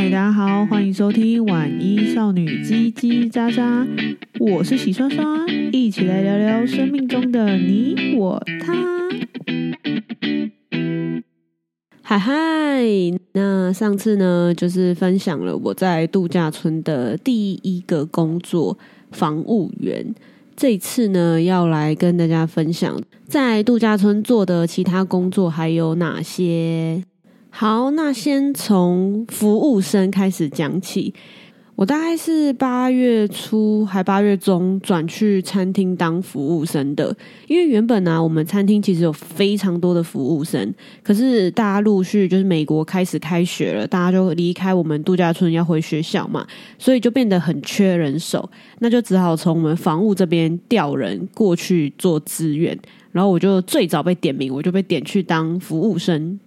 嗨，hi，大家好，歡迎收聽晚衣少女嘰嘰喳喳，我是喜刷刷，一起來聊聊生命中的你我他。嗨嗨，那上次呢，就是分享了我在度假村的第一個工作——房務員。這次呢，要來跟大家分享在度假村做的其他工作還有哪些。好，那先從服務生開始講起。我大概是八月初還八月中轉去餐廳當服務生的，因為原本呢、啊，我們餐廳其實有非常多的服務生，可是大家陸續就是美國開始開學了，大家就離開我們度假村要回學校嘛，所以就變得很缺人手，那就只好從我們房務這邊調人過去做支援，然後我就最早被點名，我就被點去當服務生。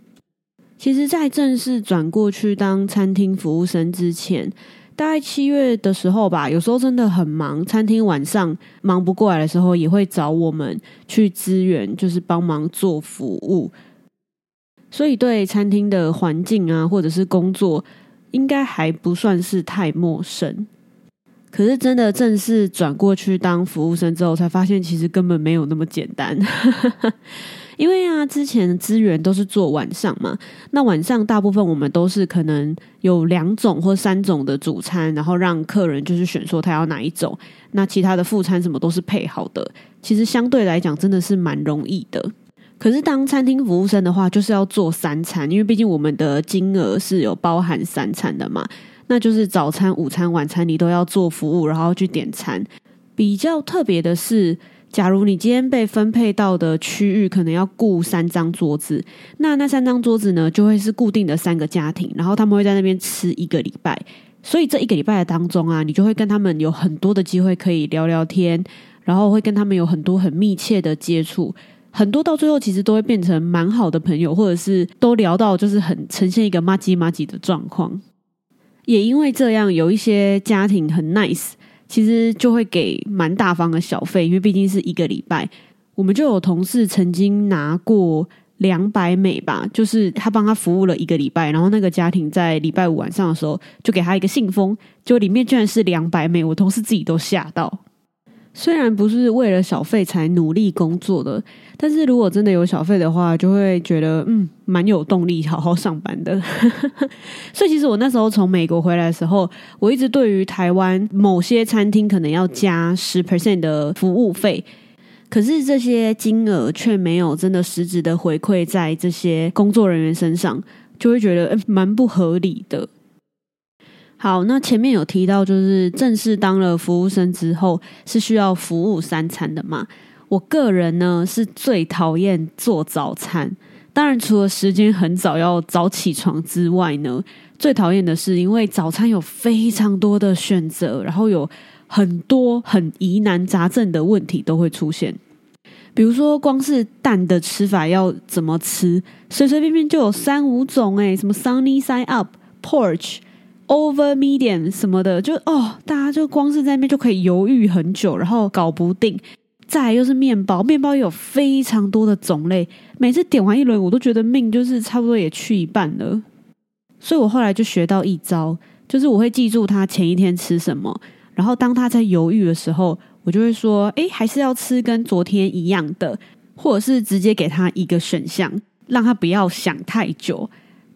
其實，在正式轉過去當餐廳服務生之前，大概七月的時候吧，有時候真的很忙。餐廳晚上忙不過來的時候，也會找我們去支援，就是幫忙做服務。所以對餐廳的環境啊，或者是工作，應該還不算是太陌生。可是，真的正式轉過去當服務生之後，才發現其實根本沒有那麼簡單。 因為啊，之前的資源都是做晚上嘛，那晚上大部分我們都是可能有兩種或三種的主餐，然後讓客人就是選說他要哪一種，那其他的副餐什麼都是配好的，其實相對來講真的是蠻容易的。可是當餐廳服務生的話，就是要做三餐，因為畢竟我們的金額是有包含三餐的嘛，那就是早餐、午餐、晚餐你都要做服務，然後去點餐。比較特別的是。假如你今天被分配到的區域，可能要顧三張桌子，那那三張桌子呢，就會是固定的三個家庭，然後他們會在那邊吃一個禮拜，所以這一個禮拜的當中啊，你就會跟他們有很多的機會可以聊聊天，然後會跟他們有很多很密切的接觸，很多到最後其實都會變成蠻好的朋友，或者是都聊到就是很呈現一個麻吉麻吉的狀況，也因為這樣，有一些家庭很 nice。其實就會給蠻大方的小費，因為畢竟是一個禮拜，我們就有同事曾經拿過兩百美吧，就是他幫他服務了一個禮拜，然後那個家庭在禮拜五晚上的時候就給他一個信封，就裡面居然是兩百美，我同事自己都嚇到。雖然不是為了小費才努力工作的，但是如果真的有小費的話，就會覺得嗯，蠻有動力好好上班的。 所以其實我那時候從美國回來的時候，我一直對於台灣某些餐廳可能要加十 percent 的服務費，可是這些金額卻沒有真的實質的回饋在這些工作人員身上，就會覺得欸、蠻不合理的。好，那前面有提到，就是正式當了服務生之後，是需要服務三餐的嘛？我個人呢是最討厭做早餐，當然除了時間很早要早起床之外呢，最討厭的是因為早餐有非常多的選擇，然後有很多很疑難雜症的問題都會出現，比如說光是蛋的吃法要怎麼吃，隨隨便便就有三五種哎，什麼 sunny side up poached。Over medium 什麼的，就哦，大家就光是在那邊就可以猶豫很久，然後搞不定。再來又是麵包，麵包有非常多的種類，每次點完一輪，我都覺得命就是差不多也去一半了。所以我後來就學到一招，就是我會記住他前一天吃什麼，然後當他在猶豫的時候，我就會說：“哎，還是要吃跟昨天一樣的，或者是直接給他一個選項，讓他不要想太久。”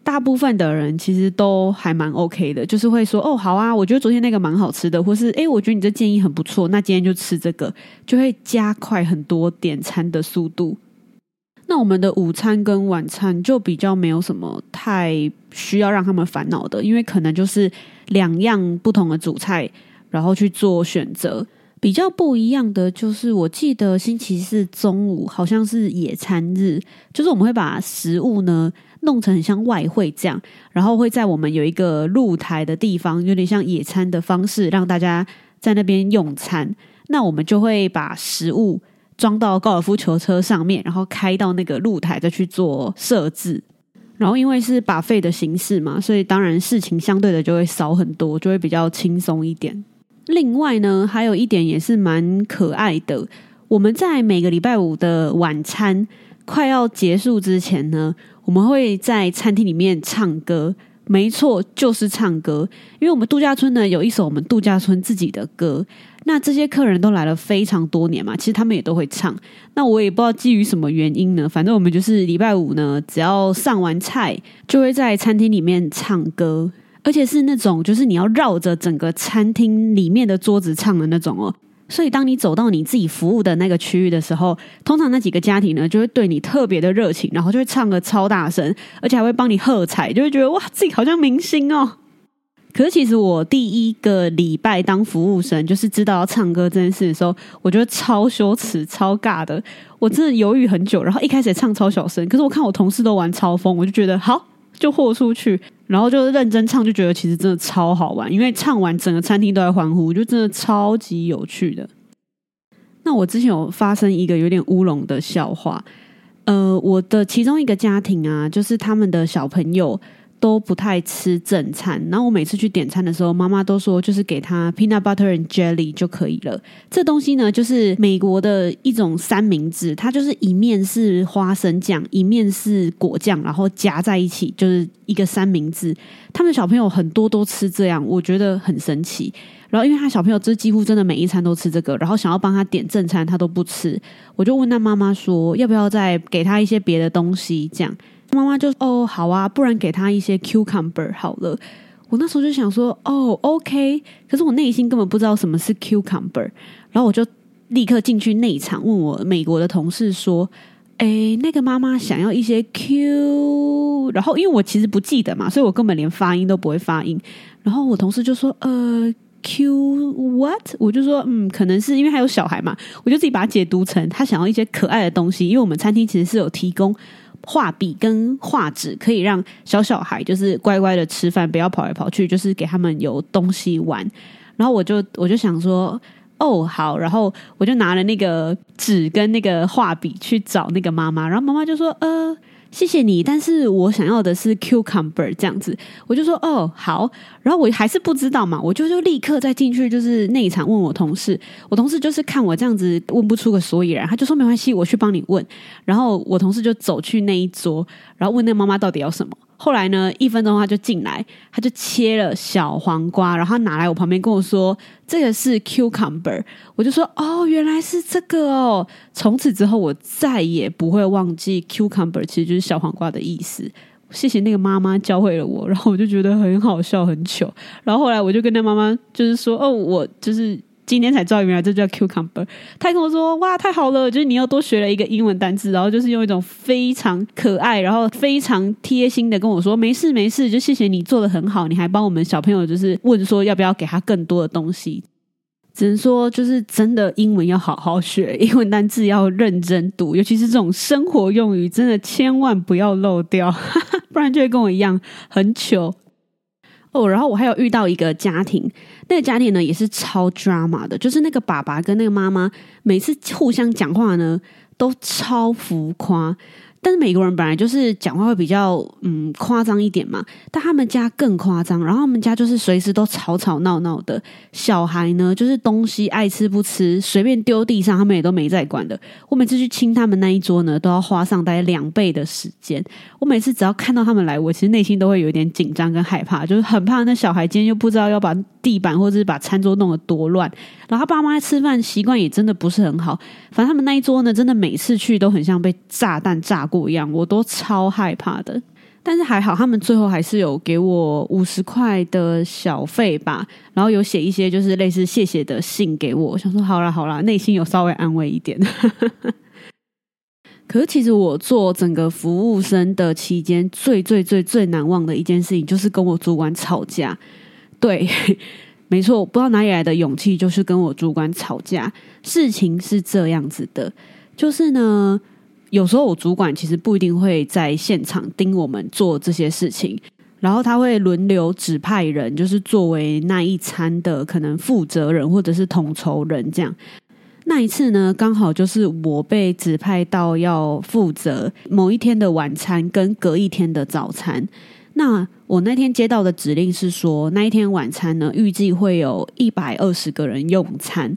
大部分的人其實都還蠻 OK 的，就是會說哦，好啊，我覺得昨天那個蠻好吃的，或是誒，我覺得你這建議很不錯，那今天就吃這個，就會加快很多點餐的速度。那我們的午餐跟晚餐就比較沒有什麼太需要讓他們煩惱的，因為可能就是兩樣不同的主菜，然後去做選擇。比較不一樣的就是，我記得星期四中午好像是野餐日，就是我們會把食物呢弄成很像外燴這樣，然後會在我們有一個露台的地方，有點像野餐的方式，讓大家在那邊用餐。那我們就會把食物裝到高爾夫球車上面，然後開到那個露台再去做設置。然後因為是 buffet 的形式嘛，所以當然事情相對的就會少很多，就會比較輕鬆一點。另外呢，還有一點也是蠻可愛的。我們在每個禮拜五的晚餐快要結束之前呢，我們會在餐廳裡面唱歌。沒錯，就是唱歌。因為我們度假村呢，有一首我們度假村自己的歌。那這些客人都來了非常多年嘛，其實他們也都會唱。那我也不知道基於什麼原因呢，反正我們就是禮拜五呢，只要上完菜，就會在餐廳裡面唱歌。而且是那種，就是你要繞着整個餐廳裡面的桌子唱的那種哦。所以當你走到你自己服務的那個區域的時候，通常那幾個家庭呢，就會對你特別的熱情，然後就會唱個超大聲，而且還會幫你喝彩，就會覺得哇，自己好像明星哦。可是其實我第一個禮拜當服務生，就是知道要唱歌這件事的時候，我覺得超羞恥、超尬的。我真的猶豫很久，然後一開始唱超小聲，可是我看我同事都玩超瘋，我就覺得好。就豁出去，然後就認真唱，就覺得其實真的超好玩。因為唱完整個餐廳都在歡呼，就真的超級有趣的。那我之前有發生一個有點烏龍的笑話，呃，我的其中一個家庭啊，就是他們的小朋友。都不太吃正餐，然後我每次去點餐的時候，媽媽都說就是給他 peanut butter and jelly 就可以了。這東西呢，就是美國的一種三明治，它就是一面是花生醬，一面是果醬，然後夾在一起就是一個三明治。他們小朋友很多都吃這樣，我覺得很神奇。然後因為他小朋友這幾乎真的每一餐都吃這個，然後想要幫他點正餐，他都不吃。我就問他媽媽說，要不要再給他一些別的東西，這樣。媽媽就哦好啊，不然給她一些 cucumber 好了。我那時候就想說哦，OK。可是我內心根本不知道什麼是 cucumber，然後我就立刻進去內場問我美國的同事說：“哎，那個媽媽想要一些 Q。”然後因為我其實不記得嘛，所以我根本連發音都不會發音。然後我同事就說：“呃，Q what？” 我就說：“嗯，可能是因為還有小孩嘛，我就自己把它解讀成她想要一些可愛的東西。”因為我們餐廳其實是有提供，畫筆跟畫紙可以讓小小孩就是乖乖的吃飯，不要跑來跑去，就是給他們有東西玩。然後我就我就想說，哦好，然後我就拿了那個紙跟那個畫筆去找那個媽媽，然後媽媽就說，呃。謝謝你，但是我想要的是 cucumber 這樣子，我就說哦好，然後我還是不知道嘛，我就就立刻再進去，就是內場問我同事，我同事就是看我這樣子問不出個所以然，他就說沒關係，我去幫你問，然後我同事就走去那一桌，然後問那媽媽到底要什麼。後來呢，一分鐘他就進來，他就切了小黃瓜，然後他拿來我旁邊跟我說：“這個是 cucumber。”我就說：“哦，原來是這個哦！”從此之後，我再也不會忘記 cucumber 其實就是小黃瓜的意思。謝謝那個媽媽教會了我，然後我就覺得很好笑，很糗。然後後來我就跟他媽媽就是說：“哦，我就是。”今天才終於明白這叫 cucumber。他跟我說：“哇，太好了！就是你又多學了一個英文單字，然後就是用一種非常可愛，然後非常貼心的跟我說：‘沒事，沒事，就謝謝你做的很好。’你還幫我們小朋友，就是問說要不要給他更多的東西。只能說，就是真的英文要好好學，英文單字要認真讀，尤其是這種生活用語，真的千萬不要漏掉， 不然就會跟我一樣很糗。”然後我還有遇到一個家庭，那個家庭呢也是超 drama 的，就是那個爸爸跟那個媽媽每次互相講話呢都超浮誇。但是美國人本來就是講話會比較嗯誇張一點嘛，但他們家更誇張，然後他們家就是隨時都吵吵鬧鬧的。小孩呢，就是東西愛吃不吃，隨便丟地上，他們也都沒在管的。我每次去親他們那一桌呢，都要花上大概兩倍的時間。我每次只要看到他們來，我其實內心都會有點緊張跟害怕，就是很怕那小孩今天又不知道要把地板或者是把餐桌弄得多亂。然後爸媽吃飯習慣也真的不是很好，反正他們那一桌呢，真的每次去都很像被炸彈炸過。不一樣，我都超害怕的，但是還好，他們最後還是有給我五十塊的小費吧，然後有寫一些就是類似謝謝的信給我，我想說好啦，好啦，內心有稍微安慰一點。 可是其實我做整個服務生的期間，最最最最難忘的一件事情，就是跟我主管吵架。對，呵呵，沒錯，我不知道哪裡來的勇氣，就是跟我主管吵架。事情是這樣子的，就是呢。有時候我主管其實不一定會在現場盯我們做這些事情，然後他會輪流指派人，就是作為那一餐的可能負責人或者是統籌人這樣。那一次呢，剛好就是我被指派到要負責某一天的晚餐跟隔一天的早餐。那我那天接到的指令是說，那一天晚餐呢，預計會有一百二十個人用餐。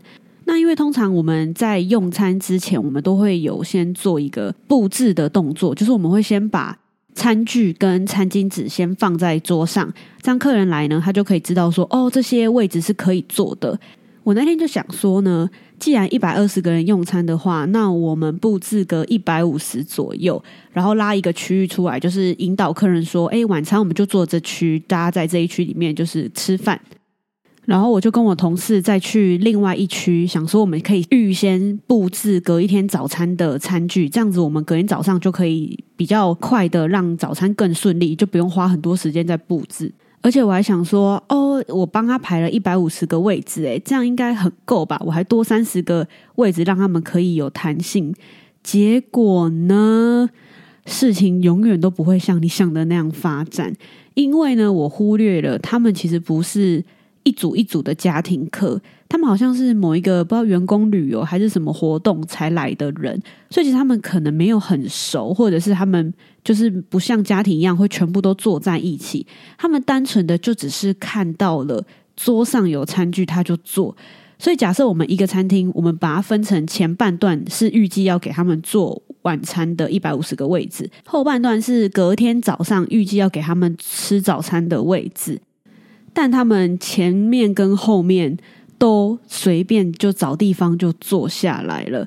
那因為通常我們在用餐之前，我們都會有先做一個布置的動作，就是我們會先把餐具跟餐巾紙先放在桌上，這樣客人來呢，他就可以知道說，哦，這些位置是可以坐的。我那天就想說呢，既然一百二十個人用餐的話，那我們布置個一百五十左右，然後拉一個區域出來，就是引導客人說，誒，晚餐我們就坐這區，大家在這一區裡面就是吃飯。然後我就跟我同事再去另外一區，想說我們可以預先布置隔一天早餐的餐具，這樣子我們隔天早上就可以比較快的讓早餐更順利，就不用花很多時間在布置。而且我還想說，哦，我幫他排了一百五十個位置，誒，這樣應該很夠吧？我還多三十個位置讓他們可以有彈性。結果呢，事情永遠都不會像你想的那樣發展，因為呢，我忽略了他們其實不是。一組一組的家庭客，他們好像是某一個不知道員工旅遊還是什麼活動才來的人，所以其實他們可能沒有很熟，或者是他們就是不像家庭一樣會全部都坐在一起，他們單純的就只是看到了桌上有餐具他就坐。所以假設我們一個餐廳，我們把它分成前半段是預計要給他們做晚餐的一百五十個位置，後半段是隔天早上預計要給他們吃早餐的位置。但他們前面跟後面都隨便就找地方就坐下來了。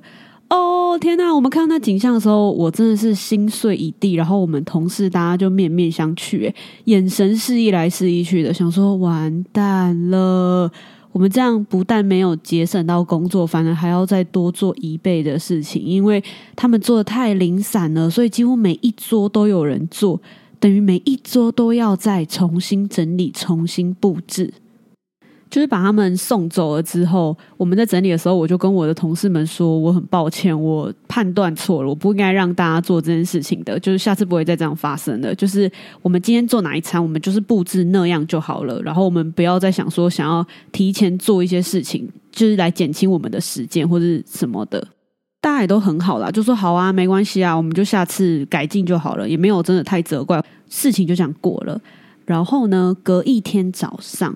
哦、oh, 天哪、啊！我們看到那景象的時候，我真的是心碎一地。然後我們同事大家就面面相覷，眼神示意來示意去的，想說完蛋了。我們這樣不但沒有節省到工作，反而還要再多做一倍的事情，因為他們做的太零散了，所以幾乎每一桌都有人坐。等於每一桌都要再重新整理，重新佈置，就是把他們送走了之後，我們在整理的時候，我就跟我的同事們說，我很抱歉，我判斷錯了，我不應該讓大家做這件事情的，就是下次不會再這樣發生了。就是我們今天做哪一餐，我們就是佈置那樣就好了，然後我們不要再想說想要提前做一些事情，就是來減輕我們的時間或者什麼的。大家也都很好啦，就說好啊，沒關係啊，我們就下次改進就好了，也沒有真的太責怪，事情就這樣過了。然後呢，隔一天早上，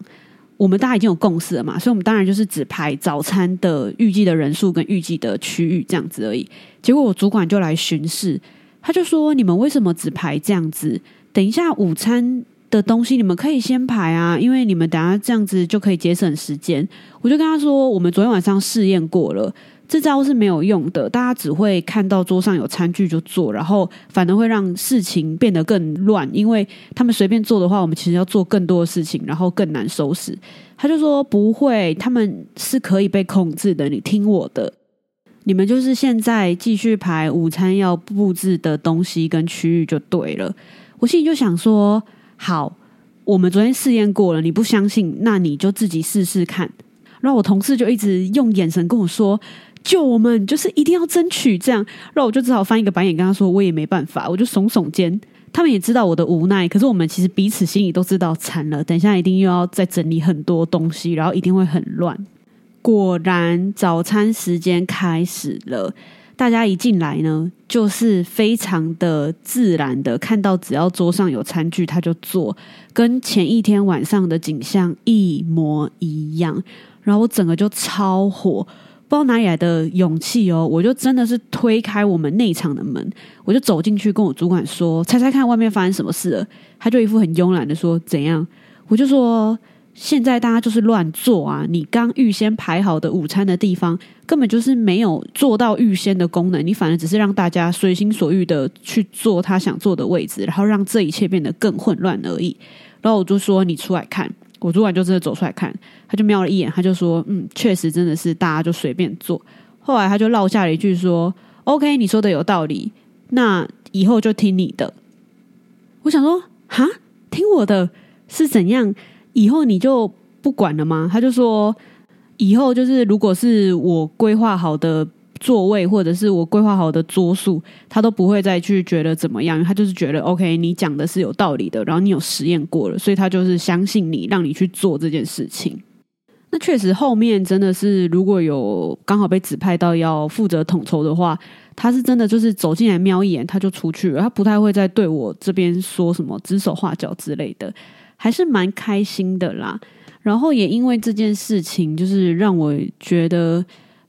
我們大家已經有共識了嘛，所以我們當然就是只排早餐的預計的人數跟預計的區域這樣子而已。結果我主管就來巡視，他就說：“你們為什麼只排這樣子？等一下午餐的東西你們可以先排啊，因為你們等下這樣子就可以節省時間。”我就跟他說：“我們昨天晚上試驗過了。”這招是沒有用的，大家只會看到桌上有餐具就做，然後反而會讓事情變得更亂。因為他們隨便做的話，我們其實要做更多的事情，然後更難收拾。他就說不會，他們是可以被控制的，你聽我的，你們就是現在繼續排午餐要布置的東西跟區域就對了。我心裡就想說，好，我們昨天試驗過了，你不相信，那你就自己試試看。然後我同事就一直用眼神跟我說。救我們，就是一定要爭取這樣，然後我就只好翻一個白眼，跟他說我也沒辦法，我就聳聳肩。他們也知道我的無奈，可是我們其實彼此心裡都知道慘了。等一下一定又要再整理很多東西，然後一定會很亂。果然，早餐時間開始了，大家一進來呢，就是非常的自然的看到，只要桌上有餐具，他就坐，跟前一天晚上的景象一模一樣。然後我整個就超火。不知道哪裡來的勇氣哦，我就真的是推開我們內場的門，我就走進去跟我主管說：“猜猜看外面發生什麼事了？”他就一副很慵懶的說：“怎樣？”我就說：“現在大家就是亂坐啊！你剛預先排好的午餐的地方，根本就是沒有做到預先的功能，你反而只是讓大家隨心所欲的去坐他想坐的位置，然後讓這一切變得更混亂而已。”然後我就說：“你出來看。”我主管就真的走出來看，他就瞄了一眼，他就說：“嗯，確實真的是大家就隨便做。”後來他就落下了一句說：“OK，你說的有道理，那以後就聽你的。”我想說：“哈，聽我的是怎樣？以後你就不管了嗎？”他就說：“以後就是如果是我規劃好的。”座位、或者是我規劃好的桌數，他都不會再去覺得怎麼樣，他就是覺得 OK，你講的是有道理的，然後你有實驗過了，所以他就是相信你，讓你去做這件事情。那確實後面真的是如果有剛好被指派到要負責統籌的話，他是真的就是走進來瞄一眼，他就出去了，他不太會再對我這邊說什麼指手畫腳之類的，還是蠻開心的啦。然後也因為這件事情，就是讓我覺得。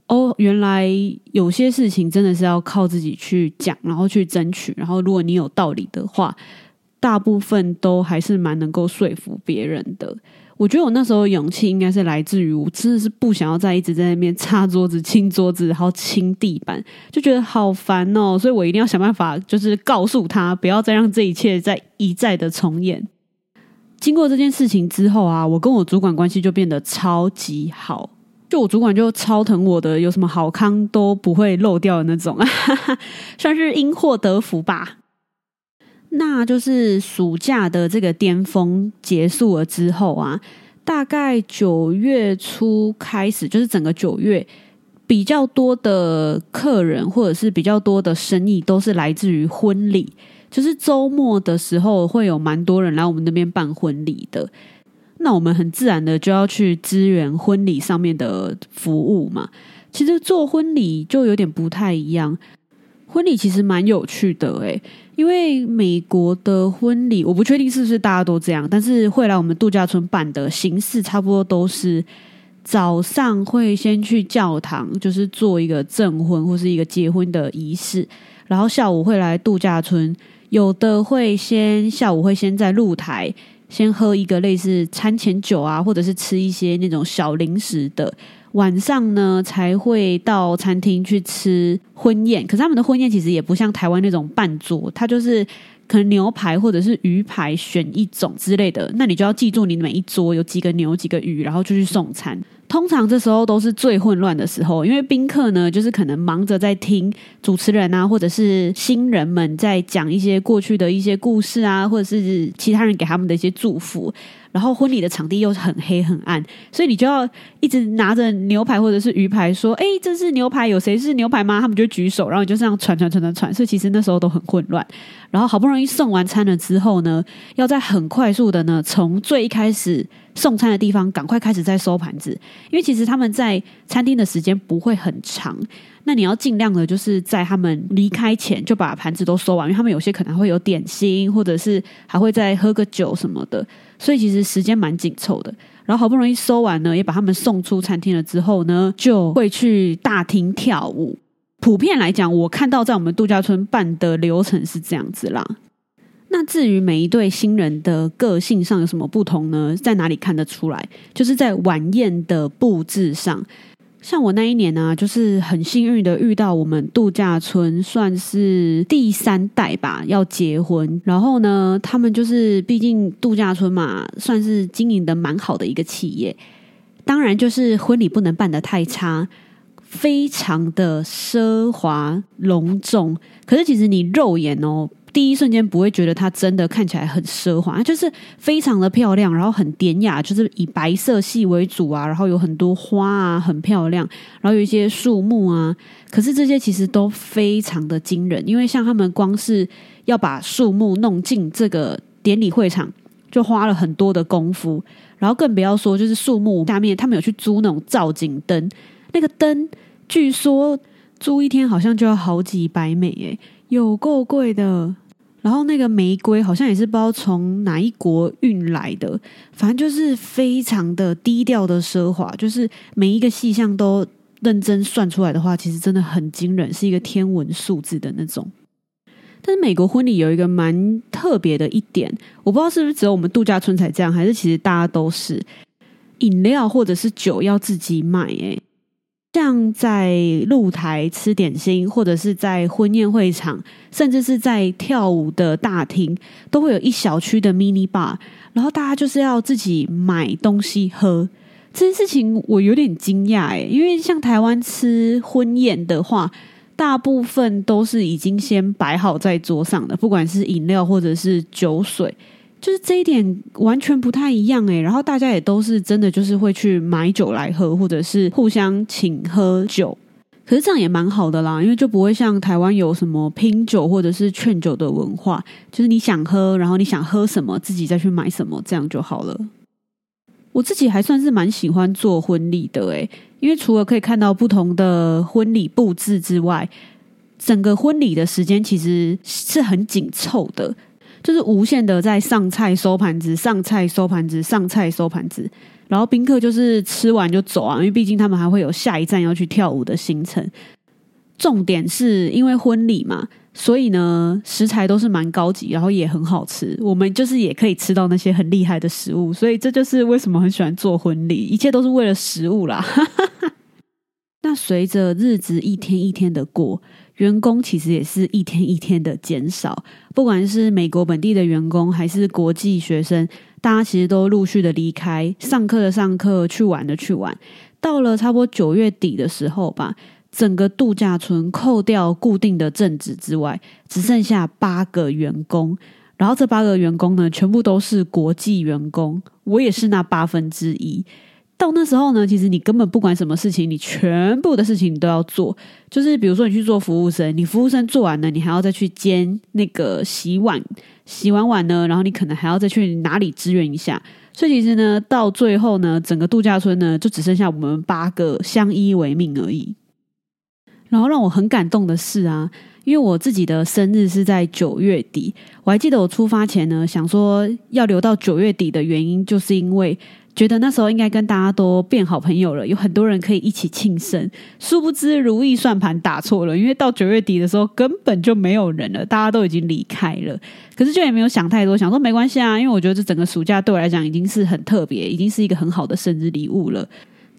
哦，原來有些事情真的是要靠自己去講，然後去爭取。然後，如果你有道理的話，大部分都還是蠻能夠說服別人的。我覺得我那時候勇氣應該是來自於我真的是不想要再一直在那邊擦桌子、清桌子，然後清地板，就覺得好煩哦。所以我一定要想辦法，就是告訴他不要再讓這一切再一再的重演。經過這件事情之後啊，我跟我主管關係就變得超級好。就我主管就超疼我的，有什麼好康都不會漏掉的那種，啊。算是因禍得福吧。那就是暑假的這個巔峰結束了之後啊，大概九月初開始，就是整個九月比較多的客人或者是比較多的生意，都是來自於婚禮。就是周末的時候會有蠻多人來我們那邊辦婚禮的。那我們很自然的就要去支援婚禮上面的服務嘛。其實做婚禮就有點不太一樣，婚禮其實蠻有趣的誒，因為美國的婚禮，我不確定是不是大家都這樣，但是會來我們度假村辦的形式差不多都是早上會先去教堂，就是做一個證婚或是一個結婚的儀式，然後下午會來度假村，有的會先下午會先在露台。先喝一個類似餐前酒啊，或者是吃一些那種小零食的。晚上呢，才會到餐廳去吃婚宴。可是他們的婚宴其實也不像台灣那種辦桌，它就是可能牛排或者是魚排選一種之類的。那你就要記住，你每一桌有幾個牛、幾個魚，然後就去送餐。通常這時候都是最混亂的時候，因為賓客呢，就是可能忙着在聽主持人啊，或者是新人們在講一些過去的一些故事啊，或者是其他人給他們的一些祝福。然後婚禮的場地又很黑很暗，所以你就要一直拿着牛排或者是魚排說：“哎，這是牛排，有誰是牛排嗎？”他們就舉手，然後你就這樣傳傳傳傳傳。所以其實那時候都很混亂。然後好不容易送完餐了之後呢，要在很快速的呢，從最一開始送餐的地方趕快開始再收盤子，因為其實他們在餐廳的時間不會很長，那你要盡量的，就是在他們離開前就把盤子都收完，因為他們有些可能會有點心，或者是還會再喝個酒什麼的。所以其實時間蠻緊湊的，然後好不容易收完呢，也把他們送出餐廳了之後呢，就會去大廳跳舞。普遍來講，我看到在我們度假村辦的流程是這樣子啦。那至於每一對新人的個性上有什麼不同呢？在哪裡看得出來？就是在晚宴的布置上。像我那一年呢，啊，就是很幸運的遇到我們度假村，算是第三代吧，要結婚。然後呢，他們就是畢竟度假村嘛，算是經營的蠻好的一個企業。當然，就是婚禮不能辦得太差，非常的奢華隆重。可是，其實你肉眼哦。第一瞬間不會覺得它真的看起來很奢華，就是非常的漂亮，然後很典雅，就是以白色系為主啊，然後有很多花啊，很漂亮，然後有一些樹木啊。可是這些其實都非常的驚人，因為像他們光是要把樹木弄進這個典禮會場，就花了很多的功夫，然後更不要說就是樹木下面，他們有去租那種造景燈，那個燈據說租一天好像就要好幾百美耶、欸。有夠貴的，然後那個玫瑰好像也是不知道從哪一國運來的，反正就是非常的低調的奢華，就是每一個細項都認真算出來的話，其實真的很驚人，是一個天文數字的那種。但是美國婚禮有一個蠻特別的一點，我不知道是不是只有我們度假村才這樣，還是其實大家都是飲料或者是酒要自己買、欸，誒像在露台吃點心，或者是在婚宴會場，甚至是在跳舞的大廳，都會有一小區的 mini bar，然後大家就是要自己買東西喝。這件事情我有點驚訝哎，因為像台灣吃婚宴的話，大部分都是已經先擺好在桌上的，不管是飲料或者是酒水。就是這一點完全不太一樣誒，然後大家也都是真的就是會去買酒來喝，或者是互相請喝酒，可是這樣也蠻好的啦，因為就不會像台灣有什麼拼酒或者是勸酒的文化，就是你想喝，然後你想喝什麼，自己再去買什麼，這樣就好了。我自己還算是蠻喜歡做婚禮的誒，因為除了可以看到不同的婚禮布置之外，整個婚禮的時間其實是很緊湊的。就是無限的在上菜收盤子、上菜收盤子、上菜收盤子，上菜收盤子，然後賓客就是吃完就走啊，因為畢竟他們還會有下一站要去跳舞的行程。重點是因為婚禮嘛，所以呢，食材都是蠻高級，然後也很好吃。我們就是也可以吃到那些很厲害的食物，所以這就是為什麼很喜歡做婚禮，一切都是為了食物啦。 那隨着日子一天一天的過，員工其實也是一天一天的減少，不管是美國本地的員工還是國際學生，大家其實都陸續的離開，上課的上課，去玩的去玩。到了差不多九月底的時候吧，整個度假村扣掉固定的正職，之外，只剩下八個員工。然後這八個員工呢，全部都是國際員工，我也是那八分之一。到那時候呢，其實你根本不管什麼事情，你全部的事情你都要做。就是比如說，你去做服務生，你服務生做完了，你還要再去兼那個洗碗，洗完碗呢，然後你可能還要再去哪裡支援一下。所以其實呢，到最後呢，整個度假村呢，就只剩下我們八個相依為命而已。然後讓我很感動的是啊，因為我自己的生日是在九月底，我還記得我出發前呢，想說要留到九月底的原因，就是因為。覺得那時候應該跟大家都變好朋友了，有很多人可以一起慶生。殊不知如意算盤打錯了，因為到九月底的時候根本就沒有人了，大家都已經離開了。可是就也沒有想太多，想說沒關係啊，因為我覺得這整個暑假對我來講已經是很特別，已經是一個很好的生日禮物了。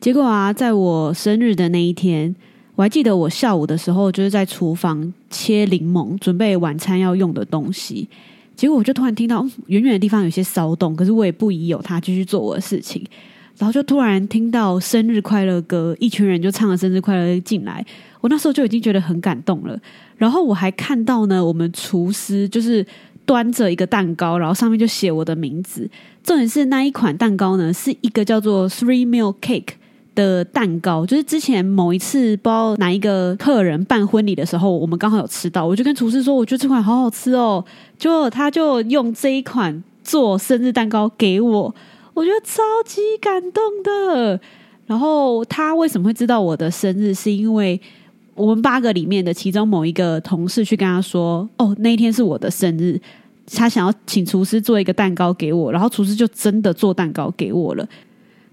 結果啊，在我生日的那一天，我還記得我下午的時候就是在廚房切檸檬，準備晚餐要用的東西。結果我就突然聽到，遠遠的地方有些騷動，可是我也不疑有他，繼續做我的事情。然後就突然聽到生日快樂歌，一群人就唱了生日快樂進來。我那時候就已經覺得很感動了。然後我還看到呢，我們廚師就是端着一個蛋糕，然後上面就寫我的名字。重點是那一款蛋糕呢，是一個叫做 Three Meal Cake。的蛋糕，就是之前某一次包哪一個客人辦婚禮的時候，我們剛好有吃到，我就跟廚師說，我覺得這款好好吃哦。就他就用這一款做生日蛋糕給我，我覺得超級感動的。然後他為什麼會知道我的生日，是因為我們八個裡面的其中某一個同事去跟他說，哦，那一天是我的生日，他想要請廚師做一個蛋糕給我，然後廚師就真的做蛋糕給我了。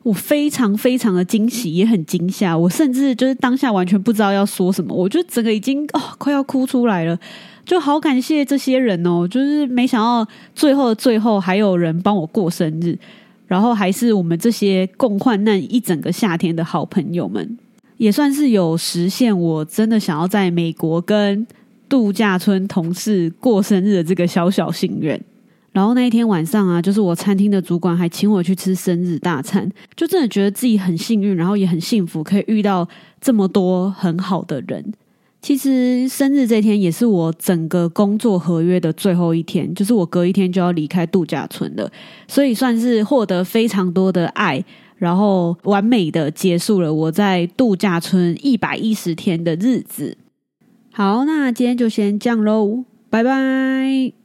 我非常非常的驚喜，也很驚嚇，我甚至就是當下完全不知道要說什麼，我就整個已經哦快要哭出來了，就好感謝這些人哦，就是沒想到最後的最後還有人幫我過生日，然後還是我們這些共患難一整個夏天的好朋友們，也算是有實現我真的想要在美國跟度假村同事過生日的這個小小心願。然後那一天晚上啊，就是我餐廳的主管還請我去吃生日大餐，就真的覺得自己很幸運，然後也很幸福，可以遇到這麼多很好的人。其實生日這天也是我整個工作合約的最後一天，就是我隔一天就要離開度假村了，所以算是獲得非常多的愛，然後完美地結束了我在度假村一百一十天的日子。好，那今天就先這樣嘍，拜拜。